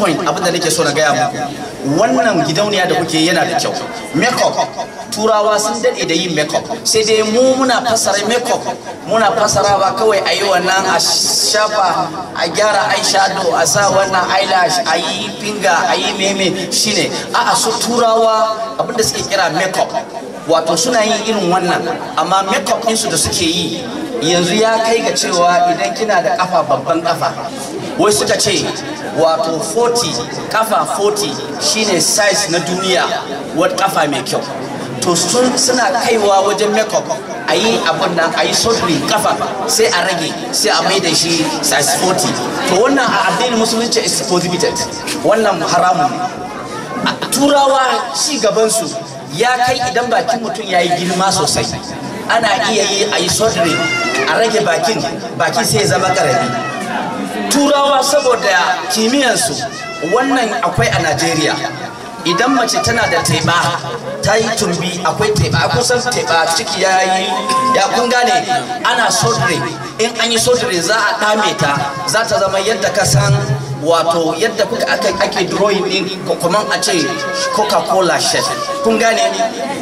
main point abin da nake so na gaya muku wannan gidauniya da kuke yana da kyau makeup turawa sun daɗe da yin makeup sai dai mu muna fasara makeup muna fasara ba kawai a yi wannan a shafa a gyara eyeshadow a sa wannan eyelash a yi finger a yi meme shine a'a so turawa abin da suke kira makeup wato suna yin irin wannan amma makeup ɗinsu da suke yi yanzu ya kai ga cewa idan kina da kafa babban kafa wai suka ce wato 40 kafa 40 shine size na duniya wata kafa mai kyau to suna kaiwa wajen makeup a yi abin nan a yi sotri kafa sai a rage sai a mai da shi size 40 to wannan a addinin musulunci is prohibited wannan haramun turawa ci gabansu ya kai idan bakin mutum ya yi girma sosai ana iya yi a yi sotri a rage bakin baki sai ya zama karami turawa saboda kimiyyarsu wannan akwai a najeriya idan mace tana da teba ta yi tumbi akwai teba kusan teba ciki ya yi ya kun gane ana sodire in an yi sodire za a dame ta za ta zama yadda ka san wato yadda kuka aka ake drawing din kuma a ce coca-cola chef kun gane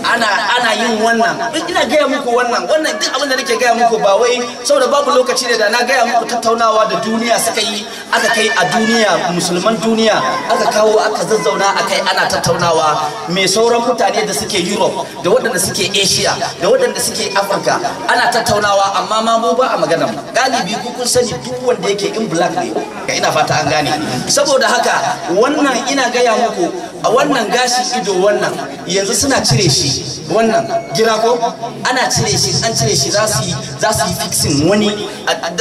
ana ana yin wannan ina gaya muku wannan wannan duk abin da nake gaya muku ba wai saboda babu lokaci ne da na gaya muku tattaunawa da duniya suka yi aka kai a duniya musulman duniya aka kawo aka zazzauna akai ana tattaunawa me sauran mutane da suke europe da waɗanda suke asia da waɗanda suke Africa, ana tattaunawa amma ma mu ba a magana galibi ku kun sani duk wanda yake in black ne ga ina fata an gane saboda haka wannan ina gaya muku a wannan gashi ido wannan yanzu suna cire shi wannan gira ko ana cire shi an cire shi za su yi fixing wani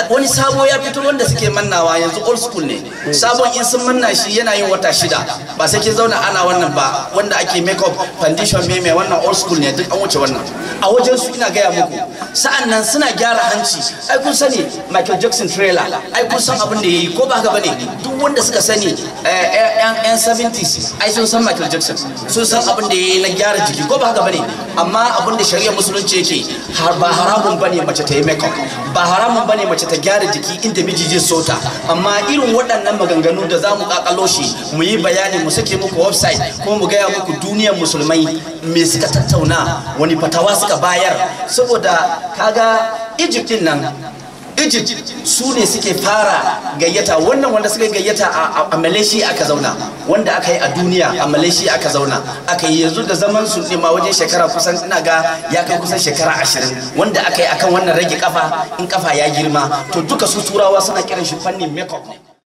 wani sabo ya fito wanda suke mannawa yanzu old school ne sabon in sun manna shi yana yin wata shida ba sai kin zauna ana wannan ba wanda ake make up foundation meme wannan old school ne duk an wuce wannan a wajen su ina gaya muku sa'an nan suna gyara hanci ai kun sani Michael Jackson trailer ai kun san abin da yayi ko ba haka bane duk wanda suka sani eh, eh, yan 70s ai sun san Michael Jackson sun san abin da yayi na gyara jiki ko ba haka bane amma abin da shari'ar musulunci yake har ba haramun bane mace ta yi makeup ba haramun bane mace ta gyara jiki inda miji zai so amma irin waɗannan maganganu da za mu kakalo shi mu yi bayani mu sake muku website ko mu gaya muku duniyar musulmai me suka tattauna wani fatawa suka bayar saboda kaga Egypt nan egypt su ne suke fara gayyata wannan wanda suka gayyata a malaysia aka zauna wanda aka yi a duniya a malaysia aka zauna aka yi yanzu da zaman su ne ma wajen shekara kusan ina ga ya kai kusan shekara ashirin wanda aka yi akan wannan rage kafa in kafa ya girma to duka su turawa suna kiran shi fannin makeup